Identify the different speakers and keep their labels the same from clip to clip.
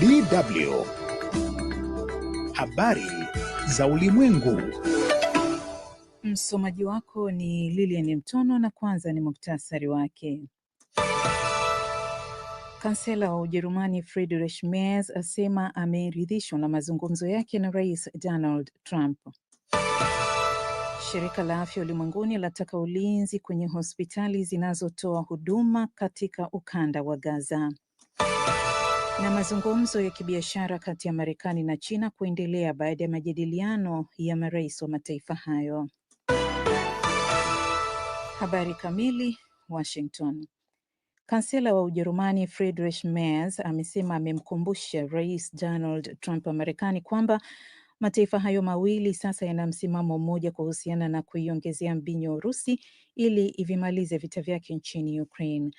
Speaker 1: DW. Habari za Ulimwengu. Msomaji wako ni Lilian Mtono na kwanza ni muktasari wake. Kansela wa Ujerumani Friedrich Merz asema ameridhishwa na mazungumzo yake na Rais Donald Trump. Shirika la Afya Ulimwenguni lataka ulinzi kwenye hospitali zinazotoa huduma katika ukanda wa Gaza. Na mazungumzo ya kibiashara kati ya Marekani na China kuendelea baada ya majadiliano ya marais wa mataifa hayo. Habari kamili. Washington. Kansela wa Ujerumani Friedrich Merz amesema amemkumbusha Rais Donald Trump wa Marekani kwamba mataifa hayo mawili sasa yana msimamo mmoja kuhusiana na kuiongezea mbinyo Urusi ili ivimalize vita vyake nchini Ukraine.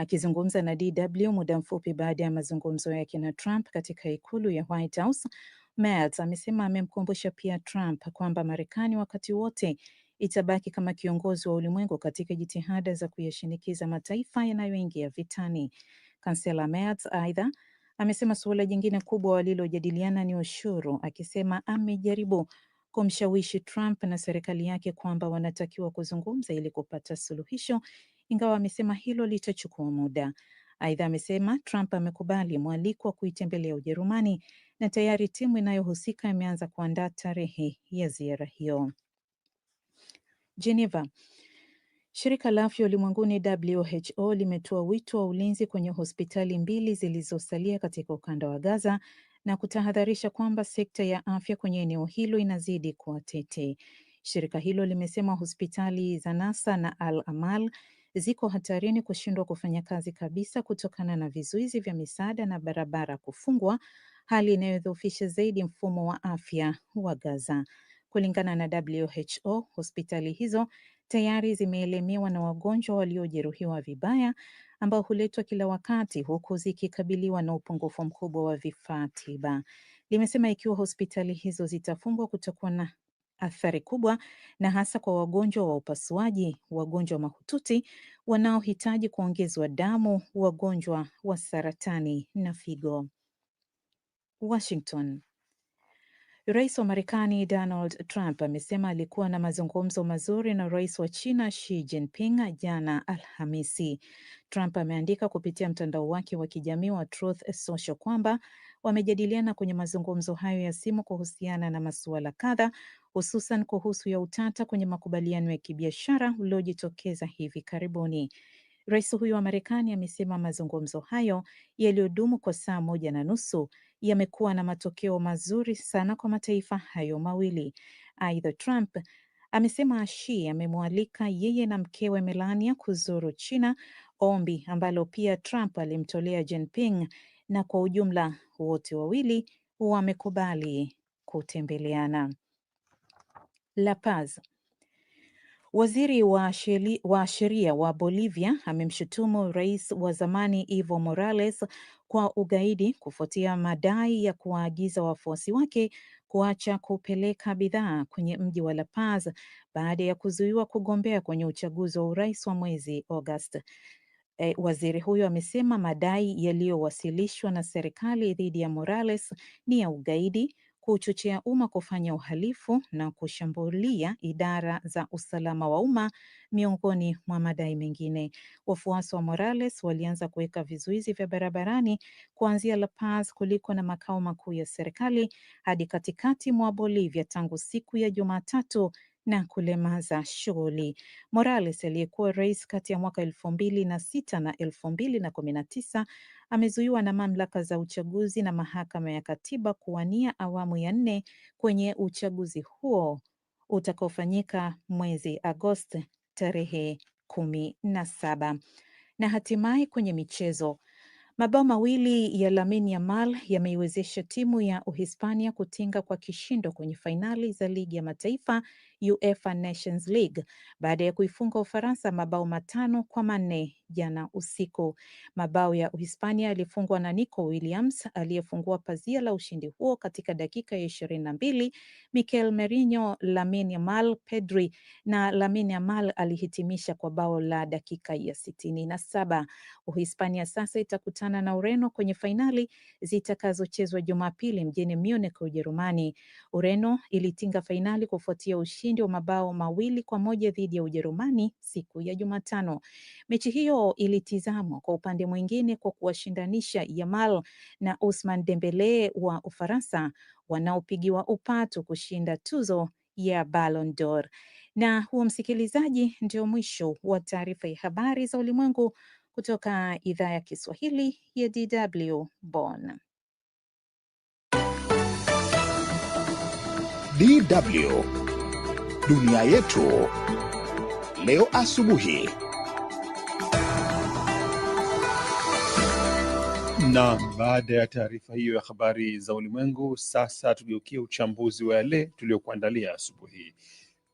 Speaker 1: Akizungumza na DW muda mfupi baada ya mazungumzo yake na Trump katika ikulu ya White House, Merz amesema amemkumbusha pia Trump kwamba Marekani wakati wote itabaki kama kiongozi wa ulimwengu katika jitihada za kuyashinikiza mataifa yanayoingia vitani. Kansela Merz aidha amesema suala jingine kubwa walilojadiliana ni ushuru, akisema amejaribu kumshawishi Trump na serikali yake kwamba wanatakiwa kuzungumza ili kupata suluhisho ingawa amesema hilo litachukua muda. Aidha, amesema Trump amekubali mwaliko wa kuitembelea Ujerumani na tayari timu inayohusika imeanza kuandaa tarehe ya ziara hiyo. Geneva. Shirika la afya ulimwenguni WHO limetoa wito wa ulinzi kwenye hospitali mbili zilizosalia katika ukanda wa Gaza na kutahadharisha kwamba sekta ya afya kwenye eneo hilo inazidi kuwa tete. Shirika hilo limesema hospitali za Nasa na Al Amal ziko hatarini kushindwa kufanya kazi kabisa kutokana na vizuizi vya misaada na barabara kufungwa, hali inayodhoofisha zaidi mfumo wa afya wa Gaza. Kulingana na WHO, hospitali hizo tayari zimeelemewa na wagonjwa waliojeruhiwa vibaya ambao huletwa kila wakati huku zikikabiliwa na upungufu mkubwa wa vifaa tiba. Limesema ikiwa hospitali hizo zitafungwa, kutakuwa na athari kubwa na hasa kwa wagonjwa wa upasuaji, wagonjwa mahututi, wanaohitaji kuongezwa damu, wagonjwa wa saratani na figo. Washington. Rais wa Marekani Donald Trump amesema alikuwa na mazungumzo mazuri na rais wa China Xi Jinping jana Alhamisi. Trump ameandika kupitia mtandao wake wa kijamii wa Truth Social kwamba wamejadiliana kwenye mazungumzo hayo ya simu kuhusiana na masuala kadha, hususan kuhusu ya utata kwenye makubaliano ya kibiashara uliojitokeza hivi karibuni. Rais huyo wa Marekani amesema mazungumzo hayo yaliyodumu kwa saa moja na nusu yamekuwa na matokeo mazuri sana kwa mataifa hayo mawili. Aidha, Trump amesema Ashi amemwalika yeye na mkewe Melania kuzuru China, ombi ambalo pia Trump alimtolea Jinping na kwa ujumla wote wawili wamekubali kutembeleana. La Paz. Waziri wa sheria wa Bolivia amemshutumu rais wa zamani Evo Morales kwa ugaidi kufuatia madai ya kuwaagiza wafuasi wake kuacha kupeleka bidhaa kwenye mji wa La Paz baada ya kuzuiwa kugombea kwenye uchaguzi wa urais wa mwezi Agosti eh, waziri huyo amesema madai yaliyowasilishwa na serikali dhidi ya Morales ni ya ugaidi, kuchochea umma kufanya uhalifu na kushambulia idara za usalama wa umma, miongoni mwa madai mengine. Wafuasi wa Morales walianza kuweka vizuizi vya barabarani kuanzia La Paz kuliko na makao makuu ya serikali hadi katikati mwa Bolivia tangu siku ya Jumatatu na kulemaza shughuli. Morales aliyekuwa rais kati ya mwaka elfu mbili na sita na elfu mbili na kumi na tisa amezuiwa na mamlaka za uchaguzi na mahakama ya katiba kuwania awamu ya nne kwenye uchaguzi huo utakaofanyika mwezi Agosti tarehe kumi na saba. Na hatimaye kwenye michezo mabao mawili ya Lamine Yamal yameiwezesha timu ya Uhispania kutinga kwa kishindo kwenye fainali za ligi ya mataifa UEFA Nations League baada ya kuifunga Ufaransa mabao matano kwa manne jana usiku. Mabao ya Uhispania yalifungwa na Nico Williams aliyefungua pazia la ushindi huo katika dakika ya ishirini na mbili, Mikel Merino, Lamine Yamal, Pedri na Lamine Yamal alihitimisha kwa bao la dakika ya sitini na saba. Uhispania sasa itakutana na Ureno kwenye fainali zitakazochezwa Jumapili mjini Munich, Ujerumani. Ureno ilitinga fainali kufuatia ushindi wa mabao mawili kwa moja dhidi ya Ujerumani siku ya Jumatano. Mechi hiyo Morocco ilitizamwa kwa upande mwingine kwa kuwashindanisha Yamal na Ousmane Dembele wa Ufaransa wanaopigiwa upatu kushinda tuzo ya Ballon d'Or. Na huo msikilizaji, ndio mwisho wa taarifa ya habari za ulimwengu kutoka idhaa ya Kiswahili ya DW Bonn.
Speaker 2: DW Dunia Yetu Leo Asubuhi.
Speaker 3: Naam, baada ya taarifa hiyo ya habari za ulimwengu, sasa tugeukie uchambuzi wa yale tuliyokuandalia asubuhi hii.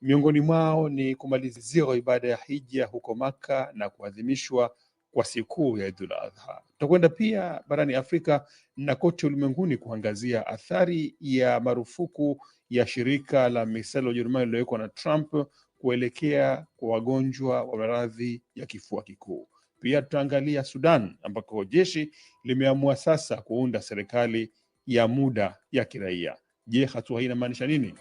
Speaker 3: Miongoni mwao ni kumalizia ibada ya hija huko Maka na kuadhimishwa kwa sikukuu ya Idul Adha. Tutakwenda pia barani Afrika na kote ulimwenguni kuangazia athari ya marufuku ya shirika la misala Ujerumani lililowekwa na Trump kuelekea kwa wagonjwa wa maradhi ya kifua kikuu. Pia tutaangalia Sudan ambako jeshi limeamua sasa kuunda serikali ya muda ya kiraia. Je, hatua hii inamaanisha nini?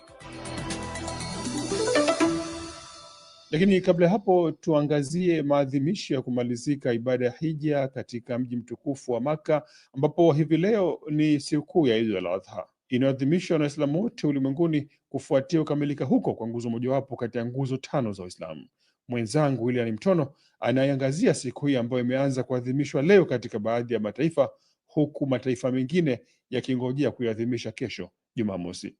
Speaker 3: Lakini kabla ya hapo tuangazie maadhimisho ya kumalizika ibada ya hija katika mji mtukufu wa Maka, ambapo hivi leo ni sikukuu ya Idi al-Adha inayoadhimishwa na Waislamu wote ulimwenguni kufuatia kukamilika huko kwa nguzo mojawapo kati ya nguzo tano za Uislamu. Mwenzangu William Mtono anaiangazia siku hii ambayo imeanza kuadhimishwa leo katika baadhi ya mataifa huku mataifa mengine yakingojea kuiadhimisha kesho Jumamosi.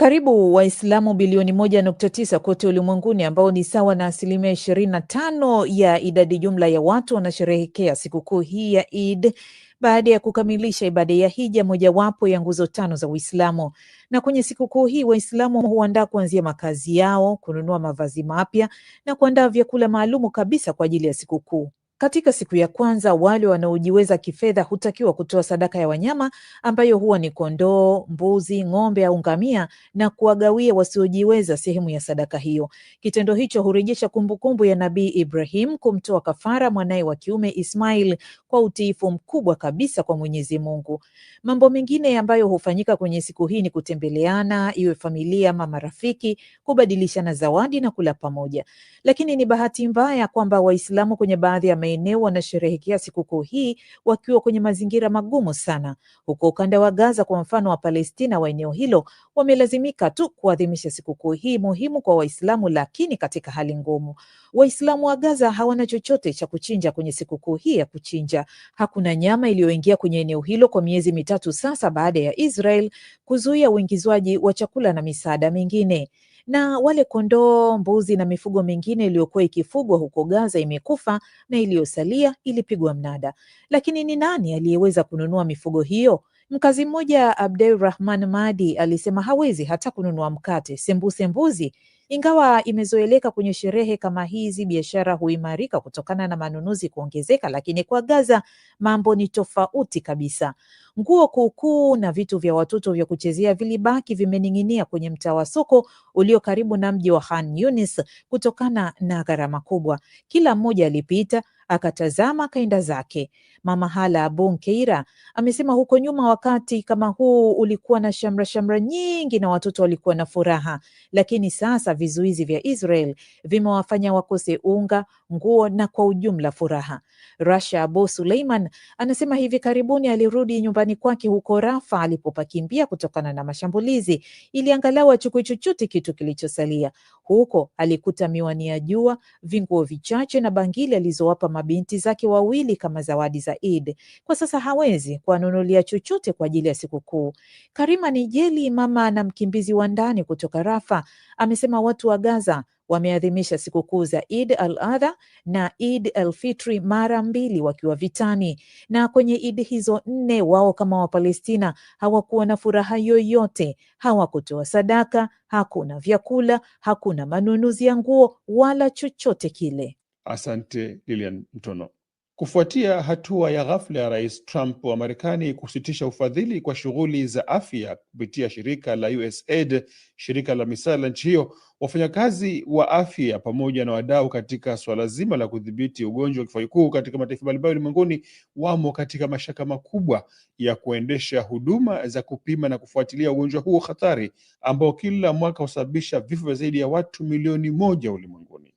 Speaker 1: Karibu Waislamu bilioni moja nukta tisa kote ulimwenguni ambao ni sawa na asilimia ishirini na tano ya idadi jumla ya watu wanasherehekea sikukuu hii ya Eid baada ya kukamilisha ibada ya hija, mojawapo ya nguzo tano za Uislamu. Na kwenye sikukuu hii Waislamu huandaa kuanzia makazi yao, kununua mavazi mapya na kuandaa vyakula maalumu kabisa kwa ajili ya sikukuu. Katika siku ya kwanza wale wanaojiweza kifedha hutakiwa kutoa sadaka ya wanyama ambayo huwa ni kondoo, mbuzi, ng'ombe au ngamia na kuwagawia wasiojiweza sehemu ya sadaka hiyo. Kitendo hicho hurejesha kumbukumbu ya Nabii Ibrahim kumtoa kafara mwanaye wa kiume Ismail kwa utiifu mkubwa kabisa kwa Mwenyezi Mungu. Mambo mengine ambayo hufanyika kwenye siku hii ni kutembeleana, iwe familia ama marafiki, kubadilishana zawadi na kula pamoja. Lakini ni bahati mbaya kwamba Waislamu kwenye baadhi ya maeneo wanasherehekea sikukuu hii wakiwa kwenye mazingira magumu sana. Huko ukanda wa Gaza kwa mfano, Wapalestina wa eneo hilo wamelazimika tu kuadhimisha sikukuu hii muhimu kwa Waislamu, lakini katika hali ngumu. Waislamu wa Gaza hawana chochote cha kuchinja kwenye sikukuu hii ya kuchinja. Hakuna nyama iliyoingia kwenye eneo hilo kwa miezi mitatu sasa, baada ya Israel kuzuia uingizwaji wa chakula na misaada mingine na wale kondoo, mbuzi na mifugo mingine iliyokuwa ikifugwa huko Gaza imekufa na iliyosalia ilipigwa mnada. Lakini ni nani aliyeweza kununua mifugo hiyo? Mkazi mmoja Abdul Madi alisema hawezi hata kununua mkate, sembuse mbuzi ingawa imezoeleka kwenye sherehe kama hizi, biashara huimarika kutokana na manunuzi kuongezeka, lakini kwa Gaza mambo ni tofauti kabisa. Nguo kuukuu na vitu vya watoto vya kuchezea vilibaki vimening'inia kwenye mtaa wa soko ulio karibu na mji wa Khan Yunis kutokana na gharama kubwa. Kila mmoja alipita akatazama kaenda zake. Mama Hala Abon Keira amesema huko nyuma wakati kama huu ulikuwa na shamra shamra nyingi na watoto walikuwa na furaha, lakini sasa vizuizi vya Israel vimewafanya wakose unga, nguo na kwa ujumla furaha. Rasha abu Suleiman anasema hivi karibuni alirudi nyumbani kwake huko Rafa alipopakimbia kutokana na mashambulizi, ili angalau achukue chochote kitu kilichosalia. Huko alikuta miwani ya jua, vinguo vichache na bangili alizowapa mabinti zake wawili kama zawadi za Eid. Kwa sasa hawezi kuwanunulia chochote kwa ajili ya sikukuu. Karima Nijeli, mama na mkimbizi wa ndani kutoka Rafa, amesema watu wa Gaza wameadhimisha sikukuu za Eid al-Adha na Eid al-Fitri mara mbili wakiwa vitani, na kwenye Eid hizo nne wao kama Wapalestina hawakuwa na furaha yoyote. Hawakutoa sadaka, hakuna vyakula, hakuna manunuzi ya nguo wala chochote kile.
Speaker 3: Asante Lilian Mtono. Kufuatia hatua ya ghafla ya Rais Trump wa Marekani kusitisha ufadhili kwa shughuli za afya kupitia shirika la USAID, shirika la misaada la nchi hiyo, wafanyakazi wa afya pamoja na wadau katika suala zima la kudhibiti ugonjwa wa kifua kikuu katika mataifa mbalimbali ulimwenguni wamo katika mashaka makubwa ya kuendesha huduma za kupima na kufuatilia ugonjwa huo hatari ambao kila mwaka husababisha vifo vya zaidi ya watu milioni moja ulimwenguni.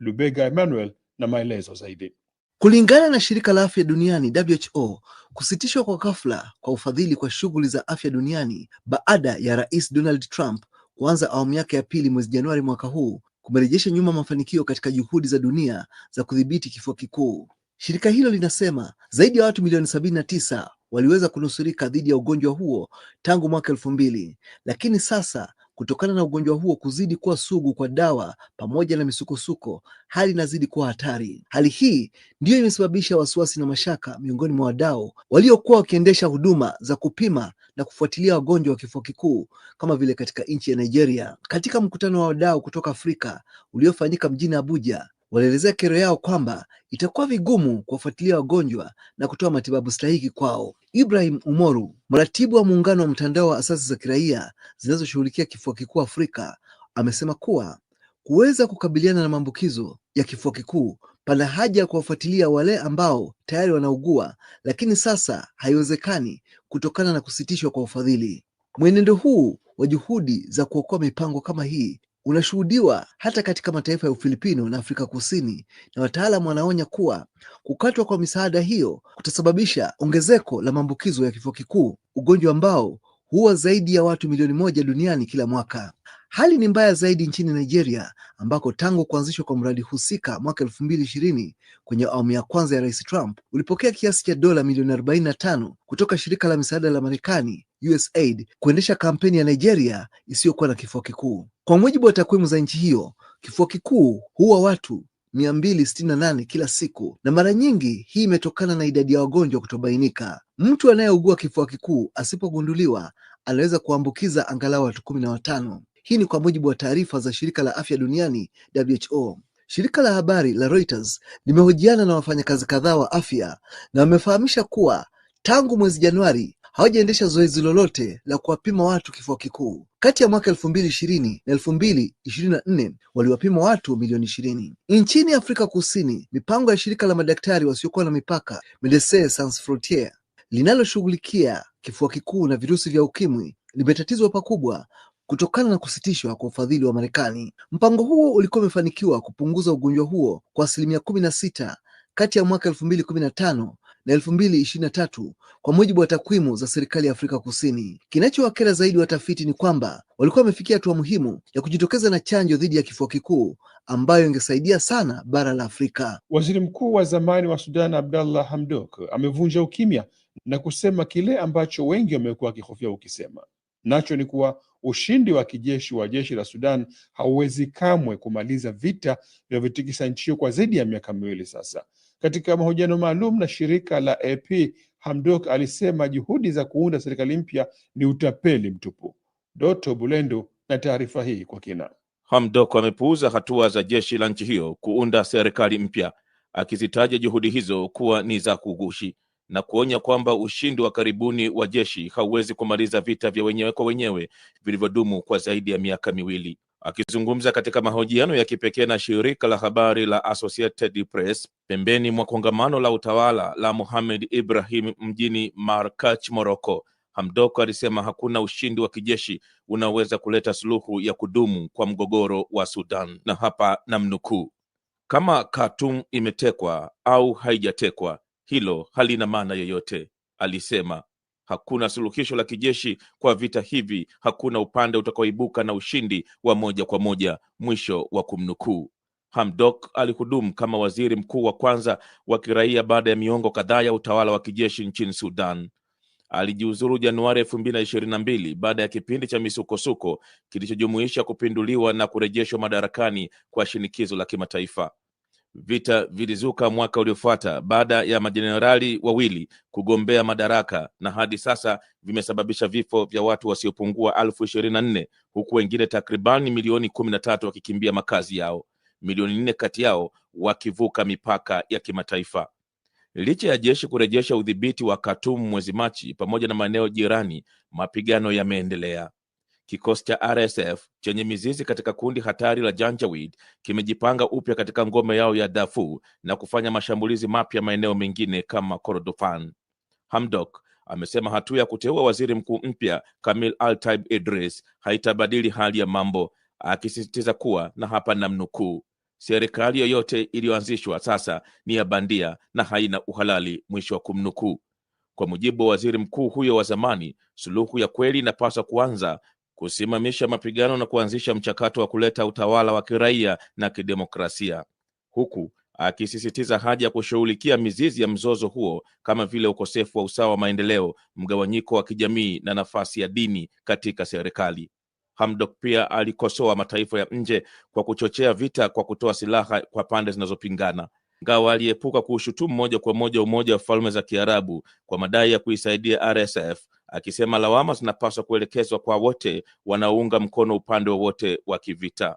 Speaker 3: Lubega Emmanuel na maelezo zaidi.
Speaker 4: Kulingana na shirika la afya duniani WHO, kusitishwa kwa ghafla kwa ufadhili kwa shughuli za afya duniani baada ya Rais Donald Trump kuanza awamu yake ya pili mwezi Januari mwaka huu kumerejesha nyuma mafanikio katika juhudi za dunia za kudhibiti kifua kikuu. Shirika hilo linasema zaidi ya watu milioni sabini na tisa waliweza kunusurika dhidi ya ugonjwa huo tangu mwaka elfu mbili, lakini sasa Kutokana na ugonjwa huo kuzidi kuwa sugu kwa dawa pamoja na misukosuko, hali inazidi kuwa hatari. Hali hii ndiyo imesababisha wasiwasi na mashaka miongoni mwa wadau waliokuwa wakiendesha huduma za kupima na kufuatilia wagonjwa wa kifua kikuu kama vile katika nchi ya Nigeria. Katika mkutano wa wadau kutoka Afrika uliofanyika mjini Abuja, walielezea kero yao kwamba itakuwa vigumu kuwafuatilia wagonjwa na kutoa matibabu stahiki kwao. Ibrahim Umoru, mratibu wa muungano wa mtandao wa asasi za kiraia zinazoshughulikia kifua kikuu Afrika, amesema kuwa kuweza kukabiliana na maambukizo ya kifua kikuu, pana haja ya kuwafuatilia wale ambao tayari wanaugua, lakini sasa haiwezekani kutokana na kusitishwa kwa ufadhili. Mwenendo huu wa juhudi za kuokoa mipango kama hii unashuhudiwa hata katika mataifa ya Ufilipino na Afrika Kusini, na wataalamu wanaonya kuwa kukatwa kwa misaada hiyo kutasababisha ongezeko la maambukizo ya kifua kikuu, ugonjwa ambao huwa zaidi ya watu milioni moja duniani kila mwaka. Hali ni mbaya zaidi nchini Nigeria ambako tangu kuanzishwa kwa mradi husika mwaka elfu mbili ishirini kwenye awamu ya kwanza ya Rais Trump ulipokea kiasi cha dola milioni arobaini na tano kutoka shirika la misaada la Marekani USAID kuendesha kampeni ya Nigeria isiyokuwa na kifua kikuu. Kwa mujibu wa takwimu za nchi hiyo, kifua kikuu huwa watu 268 kila siku, na mara nyingi hii imetokana na idadi ya wagonjwa kutobainika. Mtu anayeugua kifua kikuu asipogunduliwa anaweza kuambukiza angalau watu kumi na watano. Hii ni kwa mujibu wa taarifa za shirika la afya duniani WHO. Shirika la habari la Reuters limehojiana na wafanyakazi kadhaa wa afya na wamefahamisha kuwa tangu mwezi Januari hawajaendesha zoezi lolote la kuwapima watu kifua kikuu. Kati ya mwaka elfu mbili ishirini na elfu mbili ishirini na nne waliwapima watu milioni ishirini nchini Afrika Kusini. Mipango ya shirika la madaktari wasiokuwa na mipaka Medecins Sans Frontieres linaloshughulikia kifua kikuu na virusi vya ukimwi limetatizwa pakubwa kutokana na kusitishwa kwa ufadhili wa Marekani. Mpango huo ulikuwa umefanikiwa kupunguza ugonjwa huo kwa asilimia kumi na sita kati ya mwaka elfu mbili kumi na tano na elfu mbili ishirini na tatu kwa mujibu wa takwimu za serikali ya Afrika Kusini. Kinachowakera zaidi watafiti ni kwamba walikuwa wamefikia hatua muhimu ya kujitokeza na chanjo dhidi ya kifua kikuu ambayo ingesaidia sana bara la Afrika.
Speaker 3: Waziri mkuu wa zamani wa Sudan Abdallah Hamdok amevunja ukimya na kusema kile ambacho wengi wamekuwa wakihofia ukisema nacho ni kuwa ushindi wa kijeshi wa jeshi la Sudan hauwezi kamwe kumaliza vita vinavyotikisa nchi hiyo kwa zaidi ya miaka miwili sasa. Katika mahojiano maalum na shirika la AP, Hamdok alisema juhudi za kuunda serikali mpya ni utapeli mtupu. Doto Bulendu na taarifa hii kwa kina.
Speaker 5: Hamdok amepuuza hatua za jeshi la nchi hiyo kuunda serikali mpya, akizitaja juhudi hizo kuwa ni za kugushi na kuonya kwamba ushindi wa karibuni wa jeshi hauwezi kumaliza vita vya wenyewe kwa wenyewe vilivyodumu kwa zaidi ya miaka miwili. Akizungumza katika mahojiano ya kipekee na shirika la habari la Associated Press pembeni mwa kongamano la utawala la Mohamed Ibrahim mjini Marrakech, Morocco, Hamdok alisema hakuna ushindi wa kijeshi unaoweza kuleta suluhu ya kudumu kwa mgogoro wa Sudan, na hapa namnukuu: kama Khartoum imetekwa au haijatekwa, hilo halina maana yoyote, alisema. Hakuna suluhisho la kijeshi kwa vita hivi, hakuna upande utakaoibuka na ushindi wa moja kwa moja. Mwisho wa kumnukuu. Hamdok alihudumu kama waziri mkuu wa kwanza wa kiraia baada ya miongo kadhaa ya utawala wa kijeshi nchini Sudan. Alijiuzuru Januari elfu mbili na ishirini na mbili baada ya kipindi cha misukosuko kilichojumuisha kupinduliwa na kurejeshwa madarakani kwa shinikizo la kimataifa. Vita vilizuka mwaka uliofuata baada ya majenerali wawili kugombea madaraka na hadi sasa vimesababisha vifo vya watu wasiopungua alfu ishirini na nne huku wengine takribani milioni kumi na tatu wakikimbia makazi yao, milioni nne kati yao wakivuka mipaka ya kimataifa. Licha ya jeshi kurejesha udhibiti wa katumu mwezi Machi pamoja na maeneo jirani, mapigano yameendelea. Kikosi cha RSF chenye mizizi katika kundi hatari la Janjaweed kimejipanga upya katika ngome yao ya Darfur na kufanya mashambulizi mapya maeneo mengine kama Kordofan. Hamdok amesema hatua ya kuteua waziri mkuu mpya Kamil Altaib Idris haitabadili hali ya mambo, akisisitiza kuwa na hapa namnukuu, serikali yoyote iliyoanzishwa sasa ni ya bandia na haina uhalali, mwisho wa kumnukuu. Kwa mujibu wa waziri mkuu huyo wa zamani, suluhu ya kweli inapaswa kuanza kusimamisha mapigano na kuanzisha mchakato wa kuleta utawala wa kiraia na kidemokrasia, huku akisisitiza haja ya kushughulikia mizizi ya mzozo huo kama vile ukosefu wa usawa wa maendeleo, mgawanyiko wa kijamii na nafasi ya dini katika serikali. Hamdok pia alikosoa mataifa ya nje kwa kuchochea vita kwa kutoa silaha kwa pande zinazopingana, ingawa aliepuka kuushutumu moja kwa moja Umoja wa Falme za Kiarabu kwa madai ya kuisaidia RSF akisema lawama zinapaswa kuelekezwa kwa wote wanaounga mkono upande wowote wa kivita.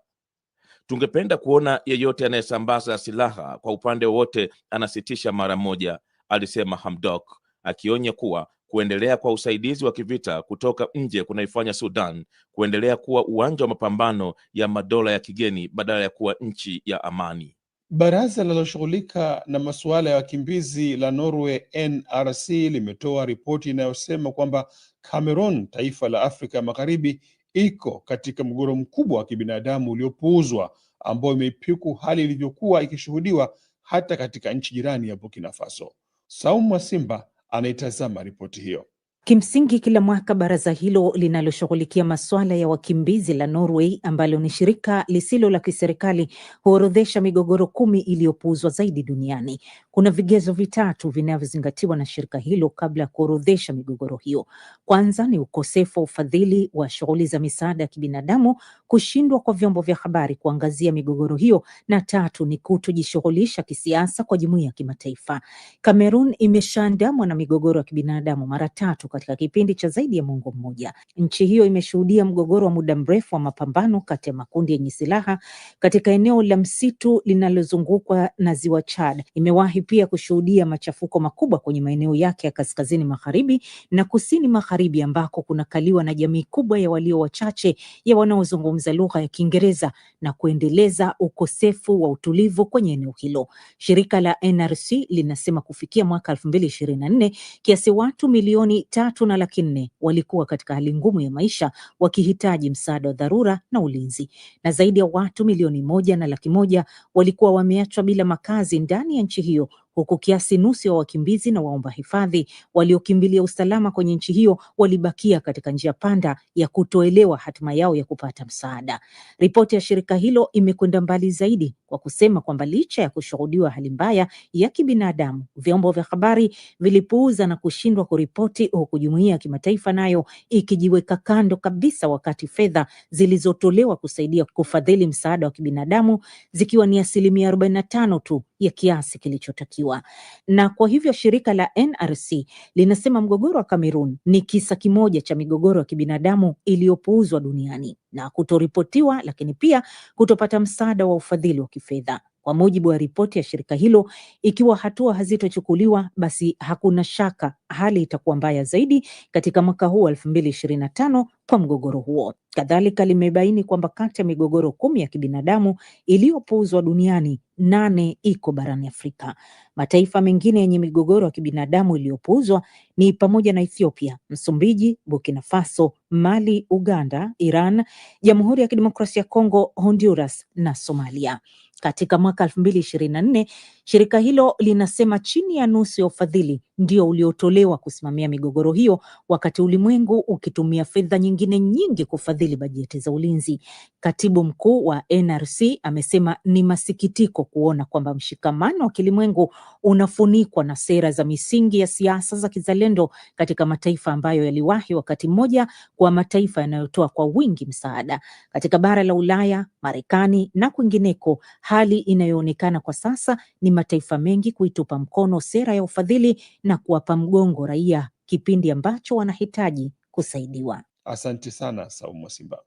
Speaker 5: Tungependa kuona yeyote anayesambaza silaha kwa upande wowote anasitisha mara moja, alisema Hamdok, akionya kuwa kuendelea kwa usaidizi wa kivita kutoka nje kunaifanya Sudan kuendelea kuwa uwanja wa mapambano ya madola ya kigeni badala ya kuwa nchi ya amani.
Speaker 3: Baraza linaloshughulika na masuala ya wakimbizi la Norway NRC limetoa ripoti inayosema kwamba Cameroon, taifa la Afrika Magharibi, iko katika mgogoro mkubwa wa kibinadamu uliopuuzwa ambao imeipiku hali ilivyokuwa ikishuhudiwa hata katika nchi jirani ya Burkina Faso. Saumu Mwasimba anaitazama ripoti hiyo.
Speaker 1: Kimsingi kila mwaka baraza hilo linaloshughulikia masuala ya wakimbizi la Norway ambalo ni shirika lisilo la kiserikali huorodhesha migogoro kumi iliyopuuzwa zaidi duniani. Kuna vigezo vitatu vinavyozingatiwa na shirika hilo kabla ya kuorodhesha migogoro hiyo. Kwanza ni ukosefu wa ufadhili wa shughuli za misaada ya kibinadamu, kushindwa kwa vyombo vya habari kuangazia migogoro hiyo, na tatu ni kutojishughulisha kisiasa kwa jumuiya ya kimataifa. Kamerun imeshaandamwa na migogoro ya kibinadamu mara tatu katika kipindi cha zaidi ya mwongo mmoja. Nchi hiyo imeshuhudia mgogoro wa muda mrefu wa mapambano kati ya makundi yenye silaha katika eneo la msitu linalozungukwa na ziwa Chad. Imewahi hivi pia kushuhudia machafuko makubwa kwenye maeneo yake ya kaskazini magharibi na kusini magharibi ambako kunakaliwa na jamii kubwa ya walio wachache ya wanaozungumza lugha ya Kiingereza na kuendeleza ukosefu wa utulivu kwenye eneo hilo. Shirika la NRC linasema kufikia mwaka elfu mbili ishirini na nne kiasi watu milioni tatu na laki nne walikuwa katika hali ngumu ya maisha wakihitaji msaada wa dharura na ulinzi, na zaidi ya watu milioni moja na laki moja walikuwa wameachwa bila makazi ndani ya nchi hiyo huku kiasi nusu ya wakimbizi na waomba hifadhi waliokimbilia usalama kwenye nchi hiyo walibakia katika njia panda ya kutoelewa hatima yao ya kupata msaada. Ripoti ya shirika hilo imekwenda mbali zaidi kwa kusema kwamba licha ya kushuhudiwa hali mbaya ya kibinadamu, vyombo vya habari vilipuuza na kushindwa kuripoti, huku jumuiya ya kimataifa nayo ikijiweka kando kabisa, wakati fedha zilizotolewa kusaidia kufadhili msaada wa kibinadamu zikiwa ni asilimia arobaini na tano tu ya kiasi kilichotakiwa. Na kwa hivyo shirika la NRC linasema mgogoro wa cameron ni kisa kimoja cha migogoro ya kibinadamu iliyopuuzwa duniani na kutoripotiwa, lakini pia kutopata msaada wa ufadhili wa kifedha. Kwa mujibu wa ripoti ya shirika hilo, ikiwa hatua hazitochukuliwa, basi hakuna shaka hali itakuwa mbaya zaidi katika mwaka huu wa elfu mbili ishirini na tano kwa mgogoro huo. Kadhalika limebaini kwamba kati ya migogoro kumi ya kibinadamu iliyopuuzwa duniani nane iko barani Afrika. Mataifa mengine yenye migogoro ya kibinadamu iliyopuuzwa ni pamoja na Ethiopia, Msumbiji, Burkina Faso, Mali, Uganda, Iran, Jamhuri ya Kidemokrasia ya Kongo, Honduras na Somalia. Katika mwaka nne shirika hilo linasema chini ya nusu ya ufadhili ndio uliotolewa kusimamia migogoro hiyo, wakati ulimwengu ukitumia fedha nyingine nyingi kufadhili bajeti za ulinzi. Katibu mkuu wa NRC amesema ni masikitiko kuona kwamba mshikamano wa kilimwengu unafunikwa na sera za misingi ya siasa za kizalendo katika mataifa ambayo yaliwahi wakati mmoja kuwa mataifa yanayotoa kwa wingi msaada. Katika bara la Ulaya, Marekani na kwingineko hali inayoonekana kwa sasa ni mataifa mengi kuitupa mkono sera ya ufadhili na kuwapa mgongo raia kipindi ambacho wanahitaji kusaidiwa.
Speaker 3: Asante sana Saumu Simba.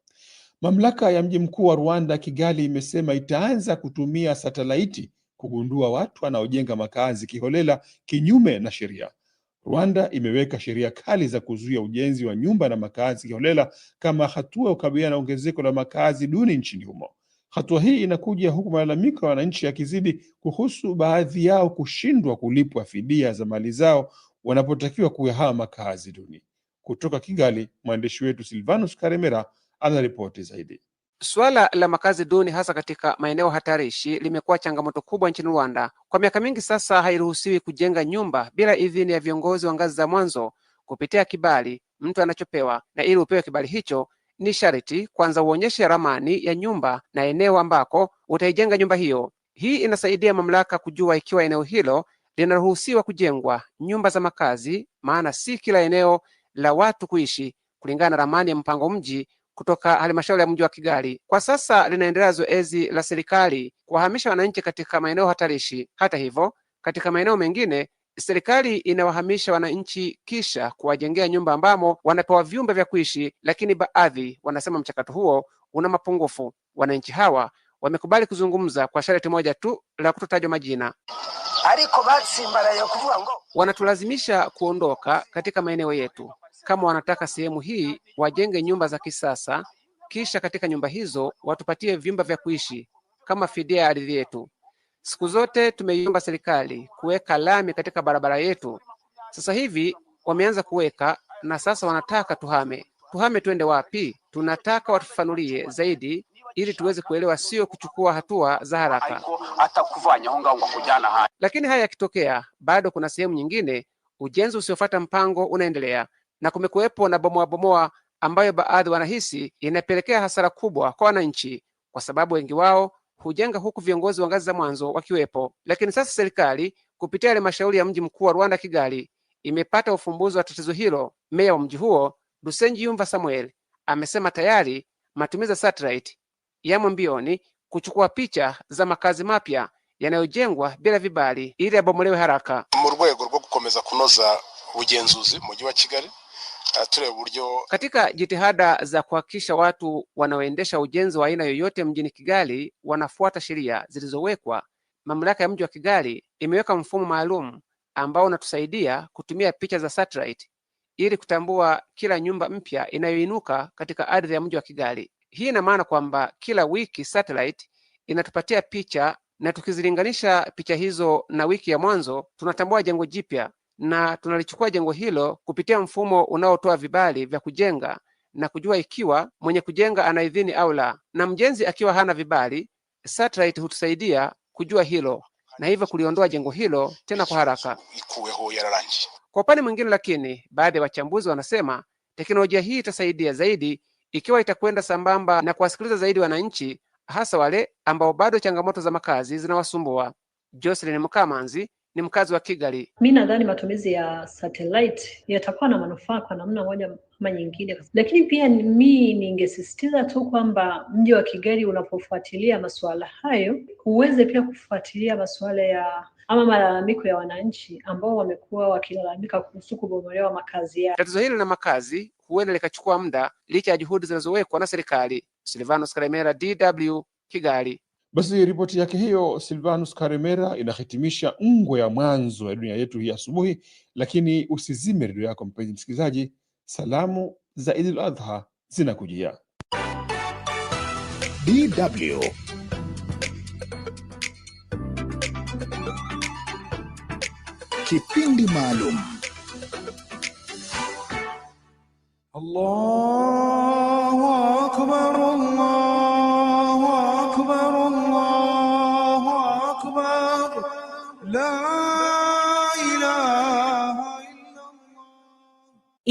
Speaker 3: Mamlaka ya mji mkuu wa Rwanda Kigali imesema itaanza kutumia satelaiti kugundua watu wanaojenga makazi kiholela kinyume na sheria. Rwanda imeweka sheria kali za kuzuia ujenzi wa nyumba na makazi kiholela kama hatua ya kukabiliana na ongezeko la makazi duni nchini humo. Hatua hii inakuja huku malalamiko ya wananchi yakizidi kuhusu baadhi yao kushindwa kulipwa fidia za mali zao wanapotakiwa kuyahama makazi duni. Kutoka Kigali, mwandishi wetu Silvanus Karemera anaripoti zaidi.
Speaker 6: Suala la makazi duni hasa katika maeneo hatarishi limekuwa changamoto kubwa nchini Rwanda. Kwa miaka mingi sasa, hairuhusiwi kujenga nyumba bila idhini ya viongozi wa ngazi za mwanzo. Kupitia kibali mtu anachopewa, na ili upewe kibali hicho ni sharti kwanza uonyeshe ramani ya nyumba na eneo ambako utaijenga nyumba hiyo. Hii inasaidia mamlaka kujua ikiwa eneo hilo linaruhusiwa kujengwa nyumba za makazi, maana si kila eneo la watu kuishi kulingana na ramani ya mpango mji kutoka halmashauri ya mji wa Kigali. Kwa sasa linaendelea zoezi la serikali kuwahamisha wananchi katika maeneo hatarishi. Hata hivyo, katika maeneo mengine serikali inawahamisha wananchi kisha kuwajengea nyumba ambamo wanapewa vyumba vya kuishi, lakini baadhi wanasema mchakato huo una mapungufu. Wananchi hawa wamekubali kuzungumza kwa sharti moja tu la kutotajwa majina. Wanatulazimisha kuondoka katika maeneo yetu. Kama wanataka sehemu hii, wajenge nyumba za kisasa, kisha katika nyumba hizo watupatie vyumba vya kuishi kama fidia ya ardhi yetu. Siku zote tumeiomba serikali kuweka lami katika barabara yetu. Sasa hivi wameanza kuweka na sasa wanataka tuhame. Tuhame tuende wapi? Tunataka watufafanulie zaidi ili tuweze kuelewa, sio kuchukua hatua za haraka. Lakini haya yakitokea, bado kuna sehemu nyingine ujenzi usiofuata mpango unaendelea, na kumekuwepo na bomoa bomoa ambayo baadhi wanahisi inapelekea hasara kubwa kwa wananchi, kwa sababu wengi wao hujenga huku viongozi wa ngazi za mwanzo wakiwepo. Lakini sasa serikali kupitia halmashauri ya mji mkuu wa Rwanda, Kigali, imepata ufumbuzi wa tatizo hilo. Meya wa mji huo Dusenji Yumva Samuel amesema tayari matumizi ya satellite yamo mbioni kuchukua picha za makazi mapya yanayojengwa bila vibali ili yabomolewe haraka
Speaker 7: mu rwego rwo gukomeza kunoza ugenzuzi mu mujyi wa Kigali
Speaker 6: katika jitihada za kuhakikisha watu wanaoendesha ujenzi wa aina yoyote mjini Kigali wanafuata sheria zilizowekwa, mamlaka ya mji wa Kigali imeweka mfumo maalum ambao unatusaidia kutumia picha za satellite ili kutambua kila nyumba mpya inayoinuka katika ardhi ya mji wa Kigali. Hii ina maana kwamba kila wiki satellite inatupatia picha na tukizilinganisha picha hizo na wiki ya mwanzo tunatambua jengo jipya na tunalichukua jengo hilo kupitia mfumo unaotoa vibali vya kujenga na kujua ikiwa mwenye kujenga ana idhini au la, na mjenzi akiwa hana vibali, satellite hutusaidia kujua hilo na hivyo kuliondoa jengo hilo tena kwa haraka. Kwa upande mwingine, lakini baadhi ya wachambuzi wanasema teknolojia hii itasaidia zaidi ikiwa itakwenda sambamba na kuwasikiliza zaidi wananchi, hasa wale ambao bado changamoto za makazi zinawasumbua. Jocelyn Mkamanzi ni mkazi wa Kigali.
Speaker 8: Mi nadhani matumizi ya satellite yatakuwa na manufaa kwa namna moja ama nyingine, lakini pia mi ningesisitiza tu kwamba mji wa Kigali unapofuatilia masuala hayo uweze pia kufuatilia masuala ya ama malalamiko ya wananchi ambao wamekuwa wakilalamika kuhusu kubomolewa makazi yao.
Speaker 6: Tatizo hili la makazi huenda likachukua muda licha ya juhudi zinazowekwa na serikali. Silvanos Karemera, DW, Kigali.
Speaker 3: Basi ripoti yake hiyo Silvanus Karemera inahitimisha ngwe ya mwanzo ya dunia yetu hii asubuhi, lakini usizime redio yako mpenzi msikilizaji, salamu za Idul Adha zinakujia.
Speaker 2: DW kipindi maalum Allahu Akbar Allah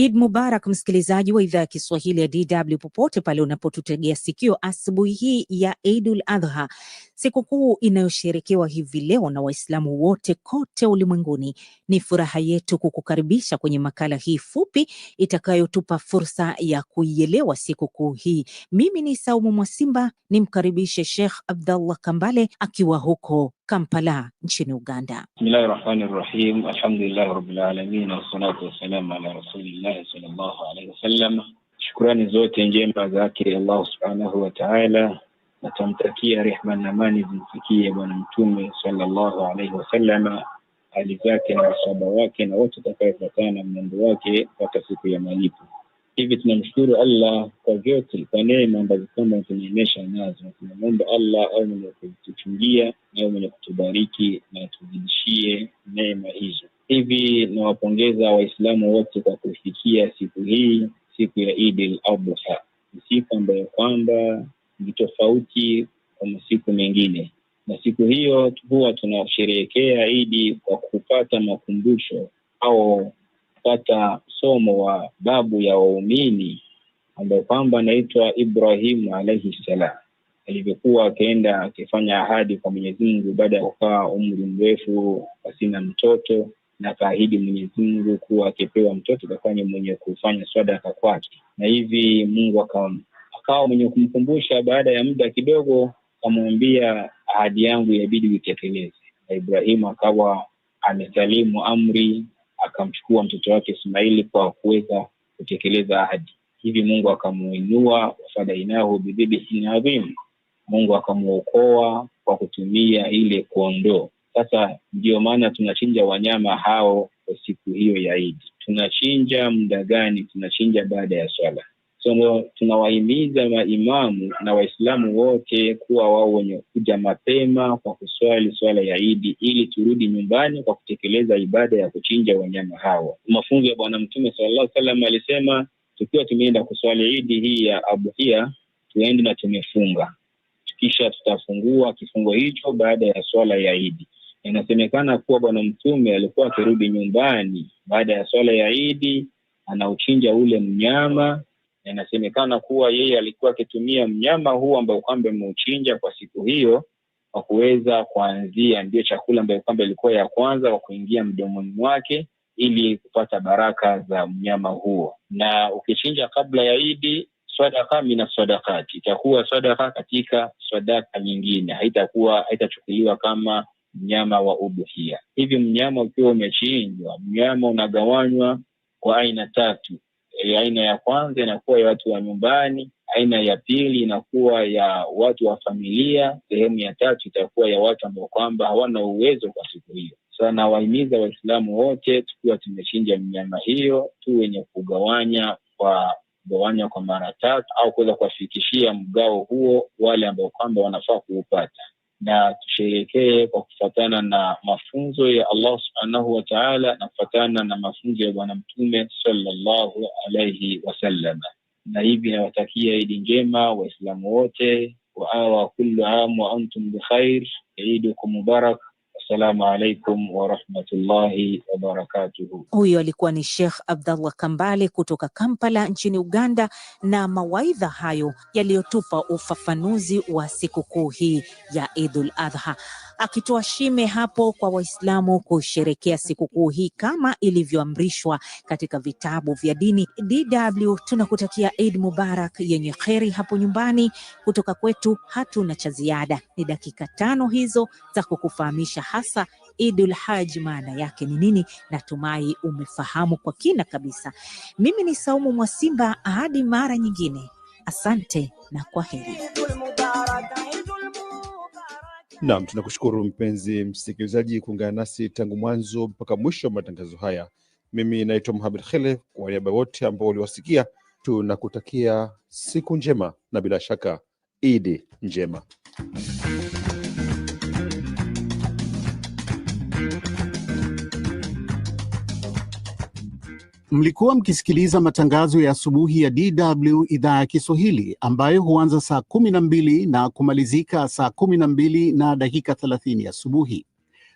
Speaker 1: Eid Mubarak msikilizaji wa idhaa ya Kiswahili ya DW popote pale unapotutegea sikio asubuhi hii ya Eidul Adha. Sikukuu inayoshirikiwa hivi leo na Waislamu wote kote ulimwenguni. Ni furaha yetu kukukaribisha kwenye makala hii fupi itakayotupa fursa ya kuielewa sikukuu hii. Mimi ni Saumu Mwasimba, nimkaribishe Sheikh Abdallah Kambale akiwa huko Kampala nchini Uganda.
Speaker 9: Bismillahi rahmani rahim, alhamdulillahi wassalatu wassalamu ala rasulillahi sallallahu alaihi wasallam. Shukurani zote njema zake Allah subhanahu wataala na rehma na amani zimfikie Bwana Mtume sallallahu alaihi wasalama hali zake na masahaba wake na wote na mwenendo wake mpaka siku ya malipo. Hivi tunamshukuru Allah kwa vyote, kwa neema ambazo kwamba tunaonyesha nazo. Tunamwomba Allah au mwenye kutuchungia au mwenye kutubariki na tuzidishie neema hizo. Hivi nawapongeza Waislamu wote kwa kufikia siku hii, siku ya Eid al-Adha, siku ambayo kwamba ni tofauti kwa masiku mengine, na siku hiyo huwa tunasherehekea Idi kwa kupata makumbusho au kupata somo wa babu ya waumini ambayo kwamba anaitwa Ibrahimu alaihi ssalam, alivyokuwa akaenda akifanya ahadi kwa Mwenyezi Mungu baada ya kukaa umri mrefu asina mtoto, na akaahidi Mwenyezi Mungu kuwa akipewa mtoto atakuwa mwenye kufanya swadaka kwake, na hivi Mungu akawa mwenye kumkumbusha baada ya muda kidogo, kamwambia ahadi yangu yabidi uitekeleze. Na Ibrahimu akawa amesalimu amri, akamchukua mtoto wake Ismaili kwa kuweza kutekeleza ahadi. Hivi Mungu akamuinua, wafadainahu bidhibhin adhim, Mungu akamwokoa kwa kutumia ile kuondoo Sasa ndiyo maana tunachinja wanyama hao kwa siku hiyo ya Idi. Tunachinja muda gani? Tunachinja baada ya swala tunawahimiza maimamu na Waislamu wote kuwa wao wenye kuja mapema kwa kuswali swala ya Idi ili turudi nyumbani kwa kutekeleza ibada ya kuchinja wanyama hawa. Mafunzo ya Bwana Mtume sallallahu salam alisema, tukiwa tumeenda kuswali Idi hii ya Abuhia tuende na tumefunga, kisha tutafungua kifungo hicho baada ya swala ya Idi. Inasemekana kuwa Bwana Mtume alikuwa akirudi nyumbani baada ya swala ya Idi anauchinja ule mnyama Inasemekana kuwa yeye alikuwa akitumia mnyama huu ambao kwamba ameuchinja kwa siku hiyo kwa kuweza kuanzia, ndio chakula ambayo kwamba ilikuwa ya kwanza wa kuingia mdomoni mwake ili kupata baraka za mnyama huo. Na ukichinja kabla ya Idi, swadaka mina swadakati itakuwa swadaka katika swadaka nyingine, haitakuwa haitachukuliwa kama mnyama wa ubuhia Hivi mnyama ukiwa umechinjwa, mnyama unagawanywa kwa aina tatu. E, aina ya kwanza inakuwa ya watu wa nyumbani, aina ya pili inakuwa ya watu wa familia, sehemu ya tatu itakuwa ya watu ambao kwamba hawana uwezo kwa siku hiyo. Sasa so, nawahimiza Waislamu wote tukiwa tumechinja mnyama hiyo tu wenye kugawanya kwa gawanya kwa mara tatu au kuweza kuwafikishia mgao huo wale ambao kwamba wanafaa kuupata na tusherekee kwa kufatana na mafunzo ya Allah subhanahu wataala na kufatana na mafunzo ya Bwana Mtume sallallahu alaihi wasalama Na hivi nawatakia idi njema Waislamu wote, wa awa kullu amu wa antum bikhair, idukum mubaraka wassalamu alaikum warahmatullahi wabarakatuhu.
Speaker 1: Huyo alikuwa ni Sheikh Abdallah Kambale kutoka Kampala nchini Uganda, na mawaidha hayo yaliyotupa ufafanuzi wa sikukuu hii ya Idul Adha akitoa shime hapo kwa Waislamu kusherekea sikukuu hii kama ilivyoamrishwa katika vitabu vya dini. DW tunakutakia Eid Mubarak yenye kheri hapo nyumbani. Kutoka kwetu hatuna cha ziada, ni dakika tano hizo za kukufahamisha hasa Idul Haj maana yake ni nini? Natumai umefahamu kwa kina kabisa. Mimi ni Saumu Mwasimba, hadi mara nyingine, asante na kwa heri.
Speaker 3: Naam, tunakushukuru mpenzi msikilizaji kuungana nasi tangu mwanzo mpaka mwisho wa matangazo haya. Mimi naitwa Mohamed hele kwa niaba wote ambao waliwasikia tunakutakia siku njema na bila shaka Idi njema. Mlikuwa mkisikiliza matangazo ya asubuhi ya DW idhaa ya Kiswahili ambayo huanza saa kumi na mbili na kumalizika saa kumi na mbili na dakika 30 asubuhi.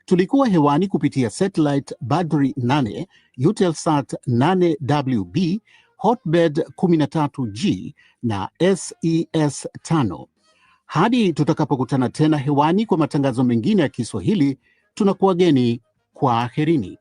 Speaker 3: Tulikuwa hewani kupitia satellite Badri 8, Utelsat 8WB, Hotbed 13G na SES 5. E Hadi tutakapokutana tena hewani kwa matangazo mengine ya Kiswahili, tunakuwageni kwa aherini.